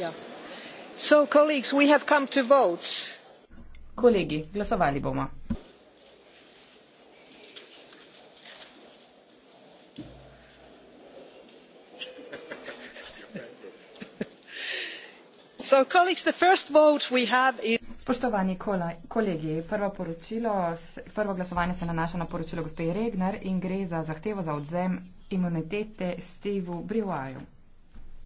Ja. kolegi glasovali bomo. spoštovani kolegi prvo poročilo prvo glasovanje se nanaša na poročilo gospe regner in gre za zahtevo za odzem imunitete stevu brewaju.